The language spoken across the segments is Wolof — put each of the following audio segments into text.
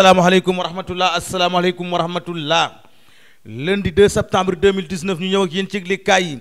asalaamaaleykum wa rahmatullah asalaamaaleykum wa rahmatullah lundi 2 septembre 2019 ñu ñëw ak yéen ci yëglekaay yi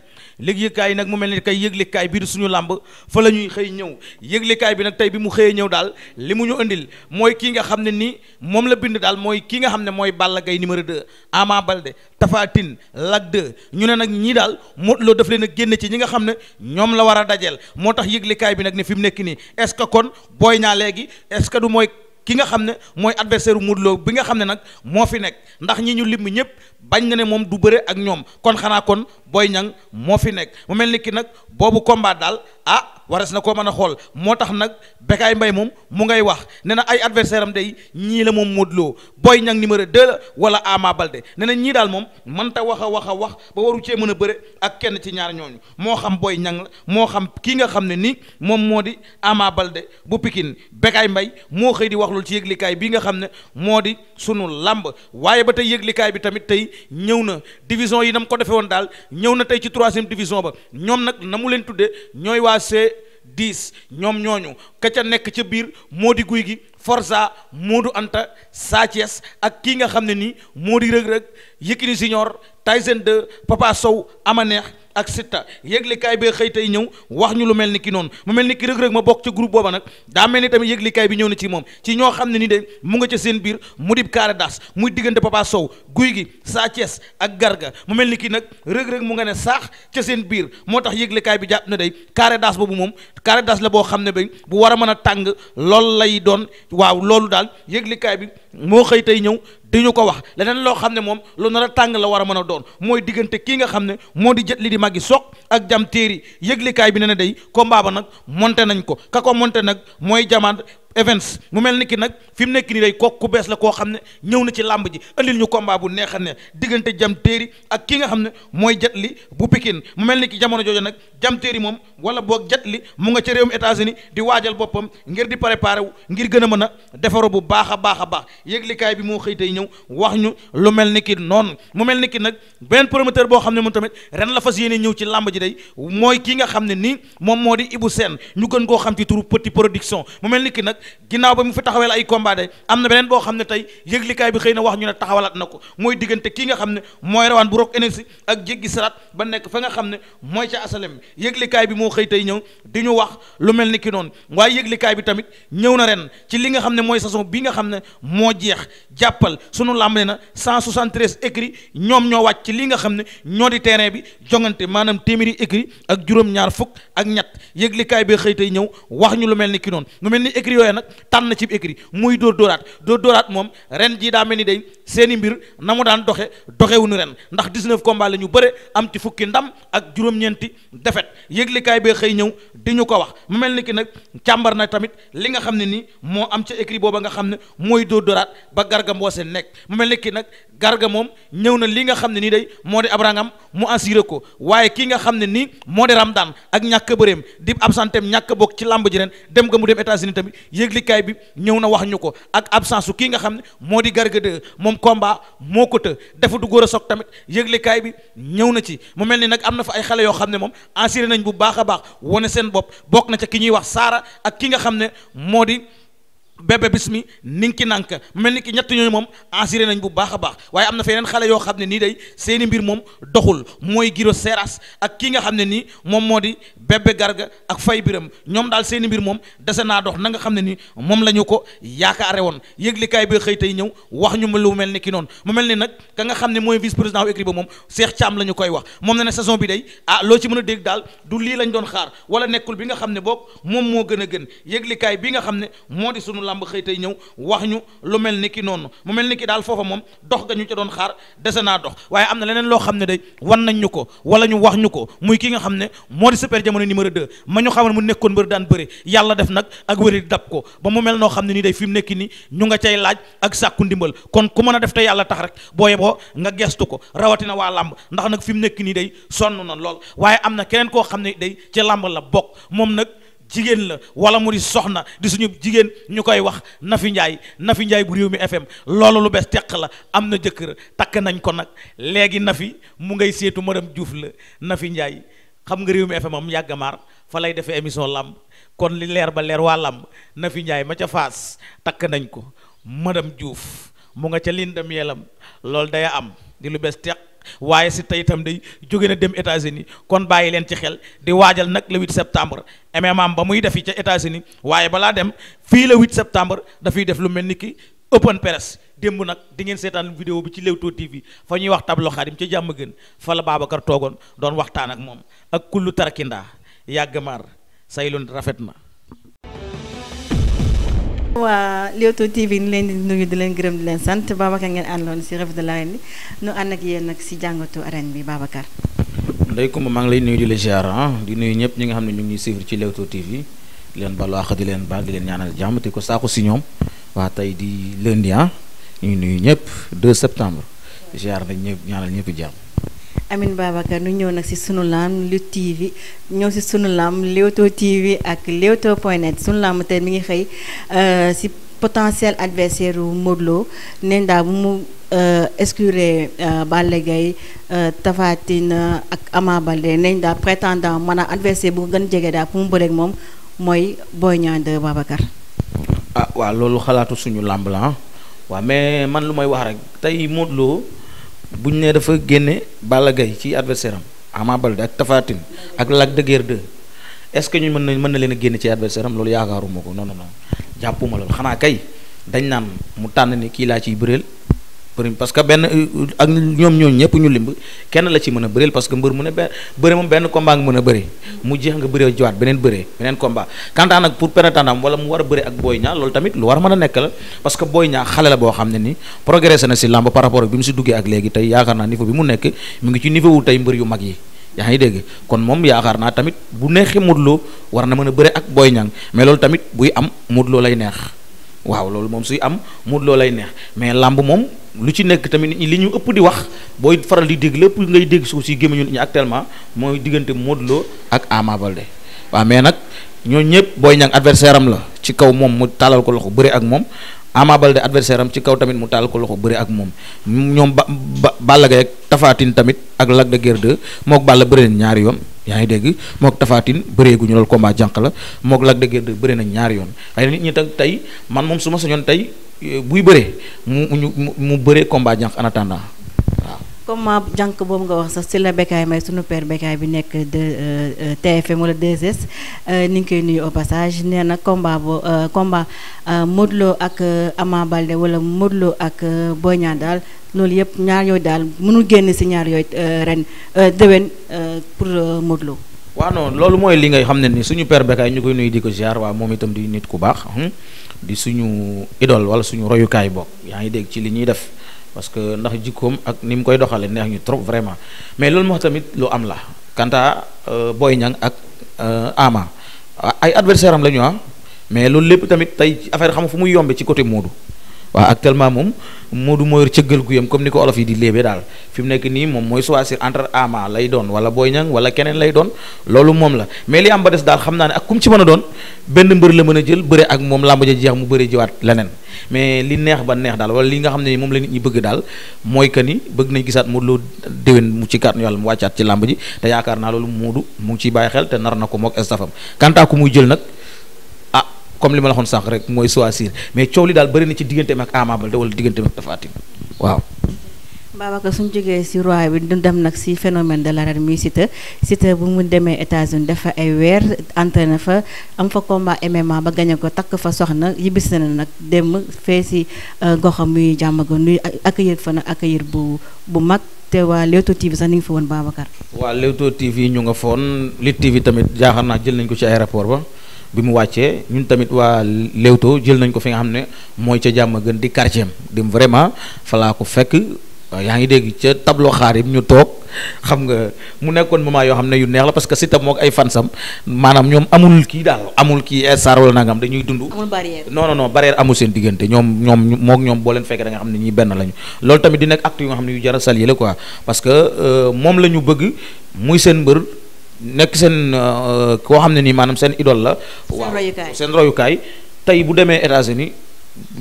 yëglekaay yi nag mu mel ni kay yëglekaay bii di suñu làmb fa la ñuy xëy ñëw yëglekaay bi nag tey bi mu xëyee ñëw daal li mu ñu indil mooy kii nga xam ne nii moom la bind daal mooy kii nga xam ne mooy Balla Gaye numéro de Ama Baldé Tapha Tine Lac 2 ñu ne nag ñii daal Modou Lo daf leen a génne ci ñi nga xam ne ñoom la war a dajeel moo tax yëglekaay bi nag ne fi mu nekk nii est-ce kon booy ñaa léegi est-ce que du mooy ki nga xam ne mooy adversaire u bi nga xam ne nag moo fi nekk ndax ñi ñu lim ñëpp bañ na ne moom du bëre ak ñoom kon xanaa kon booy Niang moo fi nekk mu mel ni ki nag boobu combat daal ah waras na koo mën a xool moo tax nag Bécaye mbay moom mu ngay wax ne na ay adversaire am day ñii la moom Modou Lo Boy Niang numéro 2 la wala Ama Baldé ne na ñii daal moom mën ta wax a wax a wax ba waru cee mën a bëre ak kenn ci ñaar ñooñu moo xam booy Niang la moo xam kii nga xam ne nii moom moo di Ama Baldé bu Pikine Bécaye Mbaye moo xëy di wax loolu ci yëglikaay bii nga xam ne moo di sunu làmb waaye ba tey yëglikaay bi tamit tey ñëw na division yi nam ko defee woon daal ñëw na tey ci troisième division ba ñoom nag dix ñoom ñooñu ka ca nekk ca biir moo di guy gi Forza Modou Anta Sa ak kii nga xam ne ni moo di rëg-rëg Yékini Junior Tyson de Papa Sow ama neex ak sitta yëglikaay bi xëy tey ñëw wax ñu lu mel ni ki noonu mu mel ni ki rëg-rëg ma bokk ca groupe booba nag daa mel ni tamit yëglikaay bi ñëw na ci moom ci ñoo xam ne ni de mu nga ca seen biir mu dib kaara das muy diggante Papa Sow guy gi saa Thiès ak Garga mu mel ni ki nag rëg-rëg mu nga ne saax ca seen biir moo tax yëglikaay bi jàpp na day kaara daas boobu moom kaara das la boo xam ne ba bu war a mën a tàng lool lay doon waaw loolu daal yëglikaay bi di ñu ko wax leneen loo xam ne moom loo nar a tàng la war a mën a doon mooy diggante kii nga xam ne moo di jët li di màggi soq ak jam téeri yëglikaay bi ne na day combat ba nag monté nañ ko ka ko monté nag mooy jamaat Events mu mel ni ki nag fi mu nekk nii day kook ku bees la koo xam ne ñëw na ci làmb ji andil ñu combat bu neex a ne diggante jam téeri ak ki nga xam ne mooy jat li bu Pikine mu mel ni ki jamono jooju nag jam téeri moom wala boog jat li mu nga ca réewum États-Unis di waajal boppam ngir di préparer wu ngir gën a mën a defaru bu baax a baax a baax yëglikaay bi moo xëy tey ñëw wax ñu lu mel ni ki noonu mu mel ni ki nag benn promoteur boo xam ne moom tamit ren la fas yéene ñëw ci làmb ji day mooy ki nga xam ne nii moom moo di Ibou Sène ñu gën koo xam ci turu Petit Production mu mel ni ki nag ginnaaw ba mu fi taxawal ay combat de am na beneen boo xam ne tey yëglikaay bi xëy na wax ñu ne taxawalaat na ko mooy diggante kii nga xam ne mooy rawaan bu rok énergie ak jéggi saraat ba nekk fa nga xam ne mooy ca asalem yëglikaay bi moo xëy tey ñëw di ñu wax lu mel ni ki noonu waaye yëglikaay bi tamit ñëw na ren ci li nga xam ne mooy saison bi nga xam ne moo jeex jàppal sunu làmb ne na 173 écrits ñoom ñoo wàcc ci li nga xam ne ñoo di terrain bi jongante maanaam téeméeri écrits ak juróom fukk ak ñett yëglikaay bi xëy tey ñëw wax ñu lu mel ni ki noonu lu mel ni écrits yooyu boobee nag tànn ci écrit muy dóor dóoraat dóor dóoraat moom ren ji daa mel ni day seeni mbir na mu daan doxe doxewuñu ren ndax 19 combats la ñu bëre am ci fukki ndam ak juróom-ñeenti defet yëglikaay bee xëy ñëw di ñu ko wax mel ni ki nag càmbar na tamit li nga xam ne nii moo am ca écrit booba nga xam ne mooy dóor dóoraat ba garga mboose nekk mel ni ki nag garga moom ñëw na li nga xam ne nii day moo di abrangam mu assuré ko waaye kii nga xam ne nii moo di ramdaan ak ñàkk bëreem di absentem ñàkk bokk ci làmb ji ren dem nga mu dem États-Unis tamit yëglikaay bi ñëw na wax ñu ko ak absence su kii nga xam ne moo di Garga moom combat moo ko të dafa du a soog tamit yëglikaay bi ñëw na ci mu mel ni nag am na fa ay xale yoo xam ne moom assuré nañ bu baax a baax wane seen bopp bokk na ca ki ñuy wax Saara ak ki nga xam ne moo di bébé bismi ninki nanka mel ni ki ñett ñooñu moom assuré nañ bu baax a baax waaye am na feneen xale yoo xam ne nii day seeni mbir moom doxul mooy giro seras ak kii nga xam ne nii moom moo di bébé garga ak fay biram ñoom daal seeni mbir moom dese naa dox na nga xam ne nii moom la ñu ko yaakaare woon yëglikaay bi xëy tey ñëw wax ñu lu mel ni ki noonu mu mel ni nag ka nga xam ne mooy vice président wu écrit ba moom Cheikh Thiam la koy wax moom ne na saison bi ah, loo ci mën a dégg daal lii lañ doon xaar wala nekkul bi nga xam ne boog moom moo gën a gën yëglikaay bi nga xam ne làmb xëy tey ñëw wax ñu lu mel ni ki noonu mu mel ni ki daal foofa moom dox ga ñu ca doon xaar dese naa dox waaye am na leneen loo xam ne day wan nañ ñu ko wala ñu wax ñu ko muy ki nga xam ne moo di super jamono numéro 2 ma ñu xamal mu nekkoon mbër daan bëri yàlla def nag ak wéri dab ko ba mu mel noo xam ne nii day fi mu nekk nii ñu nga cay laaj ak sàkku ndimbal kon ku mën a def te yàlla tax rek boo yeboo nga gestu ko rawatina waa làmb ndax nag fi mu nekk nii day sonn na lool waaye am na keneen koo xam ne day ci làmb la bokk moom nag jigéen la wala mu di soxna di suñu jigéen ñu koy wax Nafi Njaay Nafi Njaay bu réew mi FM loolu lu bees teq la am na jëkkër takk nañ ko nag léegi Nafi mu ngay seetu madame juuf la Nafi Njaay xam nga réew mi FM am yàgg maar fa lay defee émission làmb kon li leer ba leer waa làmb Nafi Njaay ma ca fas takk nañ ko madame juuf mu nga ca lindam yelam loolu day am di lu bees teq waaye si tey itam day jóge na dem États-Unis kon bàyyi leen ci xel di waajal nag la 8 septembre MMA ba muy def defi ca États-Unis waaye balaa dem fii la 8 septembre dafay def lu mel ni ki open peres démb nag di ngeen seetaan vidéo bi ci Leewtoo TV fa ñuy wax tablo xaadim ca jàmm gën fa la Babacar toogoon doon waxtaan ak moom ak kullu tarakindaa yàgg maar saylun rafet na waa Leewtoo TV ñu leen di nuyu di leen gërëm di leen sant Babacar ngeen àndoon si revue de l'arène bi nu ànd ak yéen nag si jàngatu arène bi Babacar. ndey Kumba maa ngi lay nuyu di la ziar ah, di nuyu ñëpp ñi nga xam ne ñu ngi ñuy suivre ci Leewtoo TV di leen baal wax di leen baal di leen ñaanal jàmm te ko saako si ñoom waa tey di lundi ah ñu nuyu ñëpp 2 septembre ziar nañ ñëpp ñaanal ñëpp jàmm. Amin Babacar nu ñëw nag si sunu laam lu TV ñëw si sunu laam Leewtoo TV ak Leewtoo point net sunu laam tey mi ngi xëy si euh, potentiel adversaire wu Modou Lo bu mu euh, exclure euh, Balla Gaye Tapha ak Ama Baldé nee naa prétendant maanaam adversaire bu gën jege daal pour mu bëreeg moom mooy Boy Niang 2 Babacar. ah waaw loolu xalaatu suñu làmb la ah waaw mais man lu may wax rek tey Modou bu ñu nee dafa génne Balla Gaye ci adversaire am Ama Baldé ak Tapha ak Lac de Guiers dë est-ce que ñu mën nañ mën na leen a génne ci adversaire loolu yaakaaruma ko non non non jàppuma loolu xanaa kay dañ naan mu tànn ni kii laa ciy bëreel prime parce que benn euh, ak ñoom ñooñu ñëpp ñu limb kenn la ci mën a bëreel parce que mbër mu ne benn bëre moom benn combat nga mën a bëri mu jeex nga bëree jiwaat beneen bëree beneen combat quant à nag pour prétendant wala mu war a bëri ak Boy tamit lu a mën a nekk la parce que Boy Niang xale la boo xam ne ni progressé na si làmb ak bi mu si duggee ak léegi tey yaakaar naa niveau bi mu nekk mu ngi ci niveau kon moom yaakaar naa tamit bu neexee Modou Lo war na mën a bëre ak Boy Niang mais loolu tamit buy am Modou Lo lay neex waaw loolu moom suy am Modou Lo lay neex mais làmb moom lu ci nekk tamit nit ñi li ñu ëpp di wax booy faral di dégg lépp ngay dégg suuf si gémmiñu nit ñi actuellement mooy diggante Modou Lo ak Ama Baldé waaw mais nag ñoom ñëpp booy Niang adversaire am la ci kaw moom mu taalal ko loxo bëri ak moom Ama Baldé adversaire am ci kaw tamit mu taalal ko loxo bëri ak moom ñoom ba ba Balla Gaye ak Tapha tamit ak Lac de Guiers 2 mook Balla bëri nañ ñaari yoon yaa ngi dégg mook tafaatin Tine bëree gu ñu loolu combat jànq la mook Lac de Guiers 2 bëri nañ ñaari yoon waaye nit ñi tam tey man buy bëree mu mu mu bëree combat jànq en waaw. comment jànq boobu nga wax sa si la Bécaye Mbaye sunu père Bécaye bi nekk de euh, TFM wala 2S euh, ni ngi koy nuyu au passage nee na combat bo euh, combat ak Ama Baldé wala Modou ak Boy Niang daal loolu yëpp ñaar yooyu daal mënul génn si ñaar yooyu ren déwén pour Modou waaw non loolu mooy li ngay xam ne ni suñu père Bécaye ñu koy nuyu di ko ziar waaw moom itam di nit ku baax di suñu idole wala suñu royukaay bokk yaa ngi dégg ci li ñuy def parce que ndax jikkoom ak ni mu koy doxale neex ñu trop vraiment mais loolu moo tamit lu am la kanta euh, Boy Niang ak euh, Ama ay adversaire am la ñu ah mais loolu lépp tamit tey affaire xam fu muy yombe ci côté Modou waaw actuellement moom Modou moo yor cëggal guyam comme ni ko olof yi di léebe daal fi mu nekk nii moom mooy choisir entre Ama lay doon wala Boy Niang wala keneen lay doon loolu moom la mais li am ba des daal xam naa ne ak kum ci mën a doon benn mbër la mën a jël bëre ak moom làmb ja jeex mu jiwaat leneen mais li neex ba neex daal wala li nga xam ne moom la nit ñi bëgg daal mooy que ni bëgg nañ gisaat mu Lo déwén mu ci kàttan yàlla mu wàccaat ci làmb ji te yaakaar naa loolu Modou mu ngi bàyyi xel te nar na ko mook estafam quant à ku muy jël nag comme li ma la waxoon sànq rek mooy choisir mais coow li daal bëri na ci digganteem ak Ama Baldé wala digganteem ak Tapha Tine waaw. Babacar suñ jógee si roi bi du dem nag si phénomène de l'arène muy Siteu Siteu bu mu demee États-Unis dafa ay weer entraîné fa am fa combat MMA ba gañe ko takk fa soxna yibbis na nag dem fee si euh, goxam muy jàmm ak nuyu accueillir fa nag accueillir bu bu mag te waa Leewtoo TV sax ni nga fa woon Babacar. waa Leewtoo TV ñu nga foon Lutte naa jël nañ ko ci aéroport ba. bi mu wàccee ñun tamit waa Leewtoo jël nañ ko fi nga xam ne mooy ca jàmm gën di quartier dem vraiment fa laa ko fekk yaa ngi dégg ca tableau xaar yi ñu toog xam nga mu nekkoon moment yoo xam ne yu neex la parce que Siteu mook ay fansam maanaam ñoom amul kii daal amul kii star wala nangam dañuy dund. amul barrière non non non barrière seen diggante ñoom ñoom mook ñoom boo leen fekkee da nga xam ne ñii benn lañu loolu tamit di nekk acte yu nga xam ne yu jar a saluer la quoi parce que euh, moom la ñu bëgg muy seen mbër. nekk seen euh, koo xam ne nii maanaam seen idole la. waaw seen royukaay tey bu demee États-Unis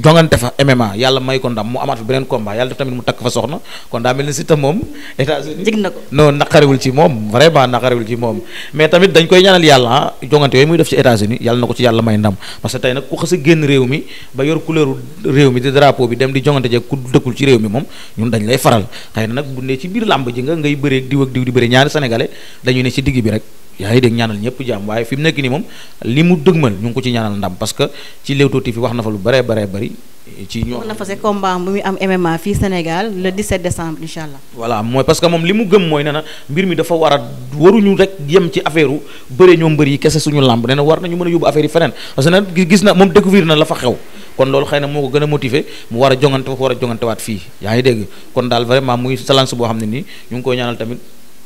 jongante fa MMA yàlla may ko ndam mu amaat fa beneen combat yàlla def tamit mu takk fa soxna kon daa mel ni Siteu moom États-Unis jig na ko non naqariwul ci moom vraiment naqariwul ci moom mais tamit dañ koy ñaanal yàlla ah, jongante yooyu muy def ci États-Unis yàlla na ko ci yàlla may ndam parce que tey nag ku xas a génn réew mi ba yor couleur réew mi di drapeau bi dem di jongante jeeg ku dëkkul ci réew mi moom ñun dañ lay faral xëy na nag bu ne ci biir làmb ji nga ngay bëree diw ak diw di bëri ne ci digg bi rek yaa ngi dégg ñaanal ñëpp jàmm waaye fi mu nekk nii moom li mu dëgmal ñu ngi ko ci ñaanal ndam parce que ci Leewtoo TV wax na fa lu bare bare bari ci ñoo na fa se combat bu muy am MMA fii Sénégal le 17 décembre incha allah. voilà mooy parce que moom li mu gëm mooy nee mbir mi dafa war a waruñu rek yem ci affaire u bëre ñoom mbër yi kese suñu làmb nee war nañu mën a yóbbu affaire yi feneen parce nag gis na moom découvrir na la fa xew kon loolu xëy na moo ko gën a war a jongante war a jongantewaat fii yaa ngi dégg kon daal vraiment muy salance boo xam ne nii ñu ngi koy ñaanal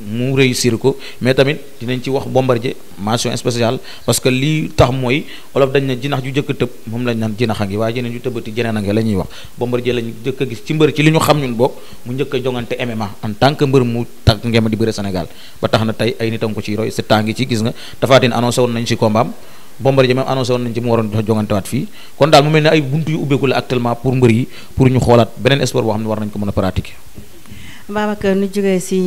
mu réussir ko mais tamit dinañ ci wax bombardier mention spéciale parce que lii tax mooy olof dañ ne jinax ju jëkk tëb moom lañ naan jinax a ngi waaye jeneen ju tëbati jeneen a ngi la wax bombardier lañ jëkk a gis ci mbër ci li ñu xam ñun bokk mu njëkk a jongante MMA en tant que mbër mu tàgg ngema di bëre Sénégal ba tax na tey ay nitam ko ciy roy se temps ngi ci gis nga Tapha Tine annoncé woon nañ ci combat am bombardier même annoncé woon nañ ci mu waroon jongante a pratiquer Babacar nu jógee si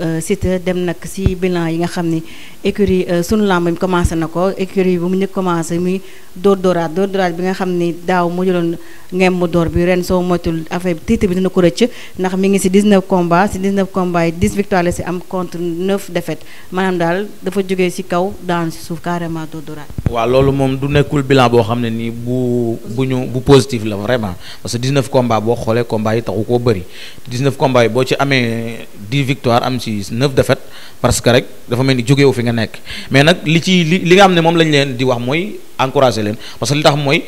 euh, Siteu dem nag si bilan yi nga xam ni écurie euh, sunu lamb bi commencé na ko écurie bu mu njëkk commencé muy dóor dóoraat dóor dóoraat bi nga xam ni daaw mu jëloon ngem mu door bi ren soo moytul affaire bi titre bi dina ko rëcc ndax mi ngi si 19 combats si 19 combats yi 10 victoires la si am contre 9 défaites maanaam daal dafa jógee si kaw daan si suuf carrément dóor dóoraat. waaw loolu moom du nekkul bilan boo xam ne nii bu bu ñu bu positif la vraiment parce que 19 boo xoolee combats yi koo bëri 19 boo ci amee dix victoire am ci neuf défaites parce que rek dafa mel ni jógewu fi nga nekk mais nag li ci li li nga xam ne moom lañ leen di wax mooy encourager leen parce que li tax mooy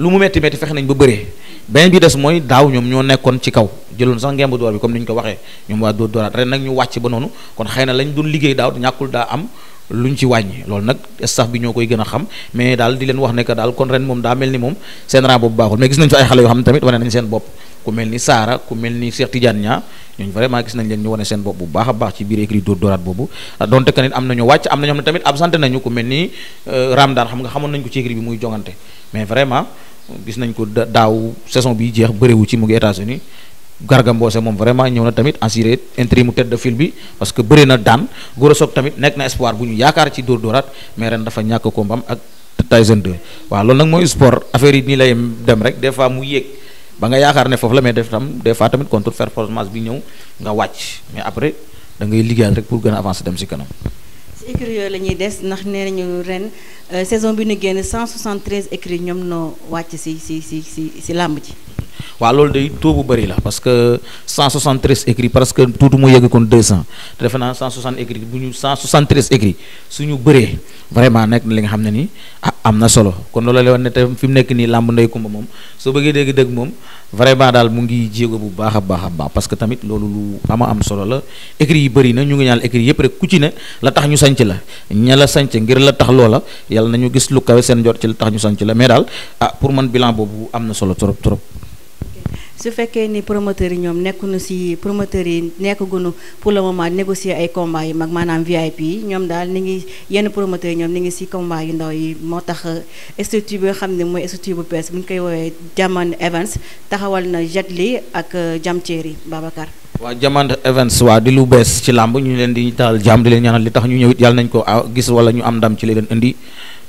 lu mu metti metti fexe nañ ba bëree beneen bi des mooy daaw ñoom ñoo nekkoon ci kaw jëloon sax ngemb comme ni ñu ko waxee ñoom waa dóor dooraat ñu wàcc ba noonu kon xëy na lañ doon liggéey daaw ñàkkul daa am lu ñu ci wàññi loolu nag staff bi ñoo koy gën a xam mais di leen wax ne que daal kon ren moom daa mel ni moom seen rang boobu baaxul mais gis nañ fi ay xale yoo xam ne tamit wane nañ seen bopp ku mel ni Saara ku mel ni Cheikh Tidiane Niang ñooñu vraiment gis nañ leen ñu wane seen bopp bu baax a baax ci biir écrit dóor dóoraat boobu ah, donte que nit am nañu wàcc am na ñoom tamit absenté nañu ku mel ni euh, Ramdaan xam nga xamoon nañ ko ci écrit bi muy jongante mais vraiment gis nañ ko daaw saison bi jeex bëriwu ci mu ngi États-Unis Garga moom vraiment ñëw na tamit assuré intérim tête de file bi parce que bëri na daan Gora Sock tamit nekk ba nga yaakaar ne foofu la mais def tam des fois tamit contre performance bi ñëw nga wàcc mais après da ngay liggéeyal pour gën a avance dem si kanam. si écuries yooyu la ñuy des ndax nee nañu ren euh, saison bi ñu génn cent 173 écuries ñoom noo wàcc si si si si si làmb ci waaw loolu de taux bu bëri la parce que 173 écrits parce que tuuti mu yegg kon 200 te defe naa 160 écrits bu ñu 173 écrits suñu bëree vraiment nekk na li nga xam ne ni a ah, am na solo kon loolu la wax ne te fi mu nekk nii làmb ndey kumba moom soo bëggee dégg dëgg moom vraiment daal mu ngi jéego bu baax a baax a baax parce que tamit loolu lu ama am solo la écrits yi bëri na ñu ngi ñaan écrits yëpp rek ku la tax ñu sanc la ña la sanc ngir la tax loola yàlla nañu gis lu kawe seen jot ci tax ñu sanc la mais daal ah pour man bilan boobu am na solo trop trop su fekkee ni promoteurs yi ñoom nekkuñu ci promoteurs yi nekkaguñu pour le moment négocier ay combat yu mag maanaam VIP yi ñoom daal ni ngi yenn promoteurs yi ñoom ni ngi ci combat yu ndaw yi moo tax euh, structure bi nga xam ne mooy structure bu bees bu ñu koy woowee Jaman Evans taxawal na Jet Li ak euh, Jam Thierry Babacar. waa Jaman Evans waa di lu bees ci làmb ñu leen di taal jàmm di leen ñaanal li tax ñu ñëw it yàlla nañ ko ah, gis wala ñu am ndam ci li leen indi.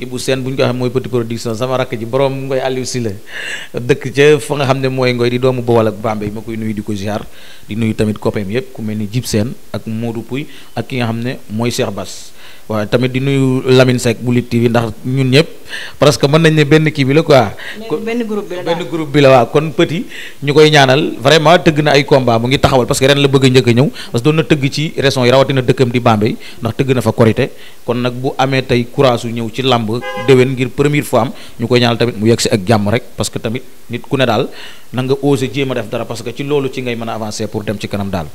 Ibou Sène bu ñu ko waxee mooy petit production sama rakk ji borom Ngoy Aliou si la dëkk ca fa nga xam ne mooy Ngoy di doomu Bawol ak Bambey ma koy nuyu di ko ziar di nuyu tamit copain yëpp ku mel ni Jib Sène ak Modou Pouy ak ki nga xam ne mooy Cheikh bas waaw tamit di nuyu Lamine Seck bu TV ndax ñun ñëpp parce que mën nañ ne benn kii bi la quoi. benn groupe bi la benn groupe bi kon petit ñu koy ñaanal vraiment tëgg na ay combat mu ngi taxawal parce que ren la bëgg a njëkk ñëw parce que doon na tëgg ci régions yi rawatina dëkkam di Bambey ndax tëgg na fa korité kon nag bu amee tey courage ñëw ci làmb déwén ngir première fois am ñu koy ñaanal tamit mu yegg si ak jàmm rek parce que tamit nit ku ne daal na nga osé jéem a def dara parce que ci loolu ci ngay mën a avancer pour dem ci kanam daal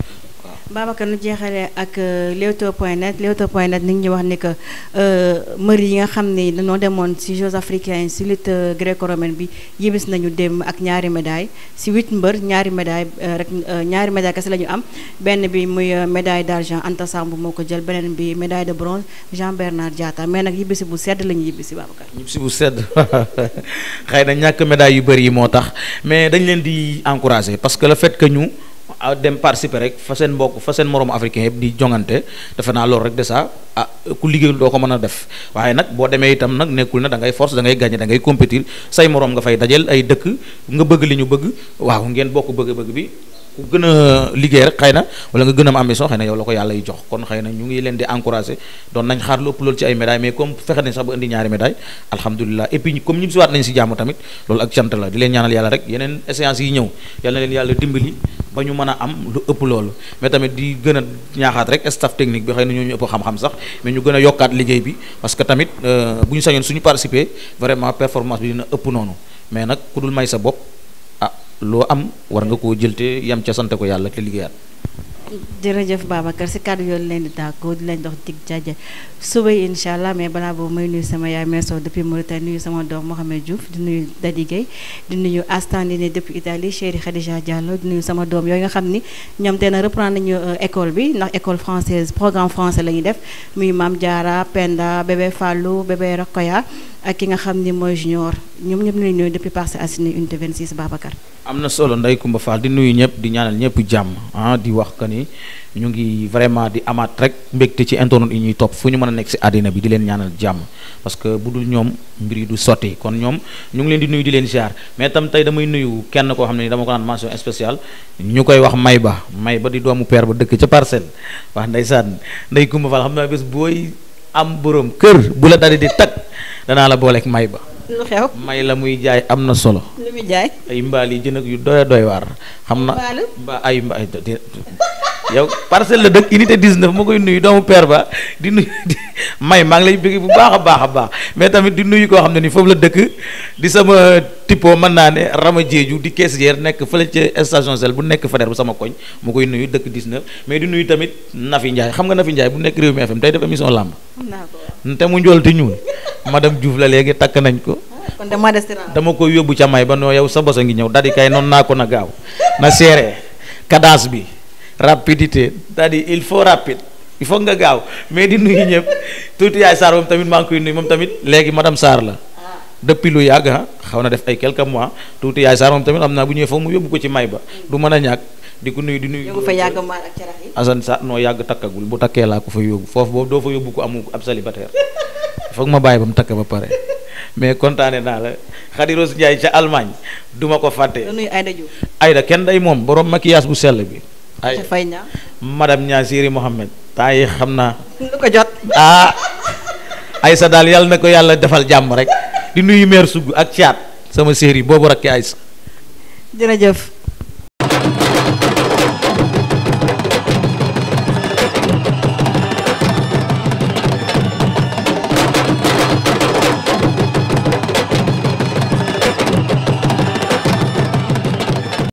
Babacar nu jeexalee ak euh, Leewtoo point net Leewtoo point net ni ngi ñuy wax ni que euh, mbër yi nga xam ne dañoo demoon ci Jeux africains ci lutte euh, gréco bi yibis nañu dem ak ñaari médaille ci huit mbër ñaari médaille rek ñaari médaille kese la ñu am benn bi muy médaille d'argent Anta Samb moo ko jël beneen bi médaille de bronze Jean Bernard Diatta mais nag bu sedd la ñu yibisi Babacar. yibisi bu sedd xëy na ñàkk médaille yu bëri yi moo tax mais dañ leen di encourager parce que le fait que ñu. dem participer rek fa seen mbokk fa seen moroom africain yëpp di jongante defe naa loolu rek de ça ah ku liggéeyul doo ko mën a def waaye nag boo demee itam nag nekkul na dangay ngay force da ngay gagner da ngay compétir say moroom nga fay dajel ay dëkk nga bëgg li ñu bëgg waaw ngeen bokk bëgg-bëgg bi ku gën a liggéey rek xëy na wala nga gën a am ambition xëy la ko yàlla yi jox kon xëy na ñu ngi leen di encouragé doon nañ xaar lu ëpp loolu ci ay médailles mais comme fexe nañ sax ba indi si jàmm tamit loolu ak cant la di leen ñaanal yàlla rek yeneen échéances yi ñëw yàlla na leen yàlla dimbali ba ñu mën a am lu ëpp loolu mais tamit di gën a ñaaxaat rek staff technique bi xëy na ñooñu ëpp xam-xam sax mais ñu gën a yokkaat liggéey bi parce que tamit euh, bu ñu sañoon suñu participer vraiment performance ëpp noonu mais nag ku dul may sa bopp loo am war nga koo jël te yam ca sant ko yàlla te liggéeyaat. jërëjëf Babacar si kàddu yoon leen di tàggoo di leen dox dig jaajëf suba yi incha allah mais balaa boobu may nuyu sama yaay Mère Sow depuis Mauritanie nuyu sama doom Mohamed Diouf di nuyu Dadi Gueye di nuyu Astandine depuis Italie chéri Khadija Diallo di nuyu sama doom yooyu nga xam ni ñoom tey na reprendre nañu euh, école bi ndax école française programme français la ñuy def muy maam Diarra Penda bébé Fallou bébé Rokhaya ak ki nga xam ni mooy junior ñoom ñëpp ñu nuyu depuis Parcelles Assainies am na solo Ndeye Coumba Fall di nuyu ñëpp di ñaanal ñëpp jàmm ah di wax que ni ñu ngi vraiment di amaat rek mbégte ci internet yi ñuy topp fu ñu mën a nekk si àddina bi di leen ñaanal jàmm parce que bu dul ñoom mbir yi du sotti kon ñoom ñu ngi leen di nuyu di leen ziar mais tam tey damay nuyu kenn koo xam ne dama ko naan mention spéciale ñu koy wax may ba may ba di doomu père ba dëkk ca parcelle wax ndeysaan Ndeye Coumba Fall xam naa bés booy am borom kër bu la dalee di tag danaa la booleeg may ba. lu may la muy jaay am na solo. lu muy jaay. ay mbaal yi jën yu doy doy waar. xam na mba ay mba yow parcelle la dëkk unité 19 ma koy nuyu doomu père ba di nuyu may maa lay bëgg bu baax a baax a baax mais tamit di nuyu koo xam ne nii foofu la dëkk di sama tippo mën naa ne Rama Jeeju di caissière nekk fële ca station sel bu nekk Fader bu sama koñ mu koy nuyu dëkk 19 mais di nuyu tamit Nafi njaay xam nga Nafi njaay bu nekk Rewmi FM tey def émission làmb te mu njool madame Diouf la léegi takk nañ ko. kon dama des ko yóbbu ca may ba noo yow sa bos a ngi ñëw daal di kay noonu naa ko na gaaw na seere cadence bi rapidité daal il faut rapide il faut nga gaaw mais di nuyu ñëpp tuuti yaay Sarr moom tamit maa ngi koy nuyu moom tamit léegi madame Sarr la. depuis lu yàgg ah xaw na def ay quelque mois tuuti yaay Sarr moom tamit am naa bu ñëwee foofu mu yóbbu ko ci may ba du mën a ñàkk di ko nuyu di nuyu. yóbbu fa yàgg maar noo yàgg takkagul bu takkee laa ko fa yóbbu foofu boobu doo yóbbu ko amul ab célibataire foog ma bàyyi ba mu takk ba pare mais kontaane naa la Khady Rose Ndiaye ca Allemagne du ma ko fàtte. nuyu Aïda Diouf Aïda kenn day moom borom maquillage bu sell bi. ay madame Niassiri Mohamed temps yi xam naa. lu ko jot ah. Aïssa daal yàlla na ko yàlla defal jàmm rek di nuyu mère Sougou ak Thiat sama séeri boobu rakki Aïssa.